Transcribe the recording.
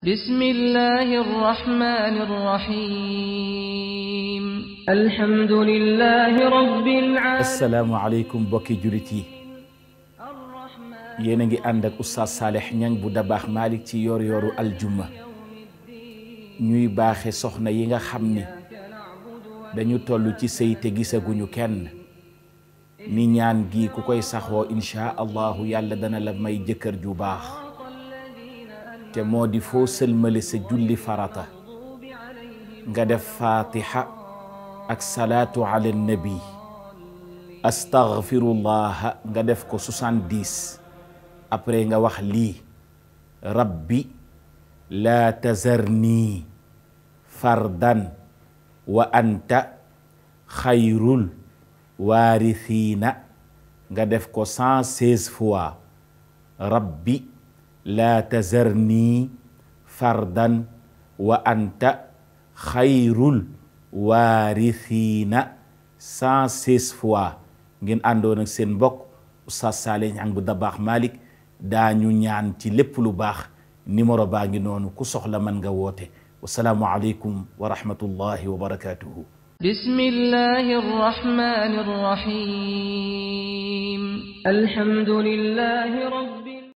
بسم الله الرحمن الرحيم الحمد لله a ngi ànd ak oustaz Saalix Ñaŋ bu dabaax Malick ci yor yoru aljuma ñuy baaxe soxna yi nga xam ni dañu toll ci sëy te gisaguñu kenn ni ñaan gi ku koy saxoo insha allahu yàlla dana la may jëkkër ju baax te moo di foo sëlmale sa julli farata nga def fatiha ak salaatu ala nabi astaghfirullah nga def ko soixante-dix après nga wax lii rabbi laa tazarnii fardan wa anta xayrul waarisiina nga def ko cent seize fois rabbi laa tazarnii fardan wa anta xayrul waarisiina cent seize fois ngeen àndoon ak seen mbokk Oustaz Saliou Niang bu Dabakh Malick daañu ñaan ci lépp lu baax numéro baa ngi noonu ku soxla mën nga woote wasalaamu aleykum wa rahmatullahi wa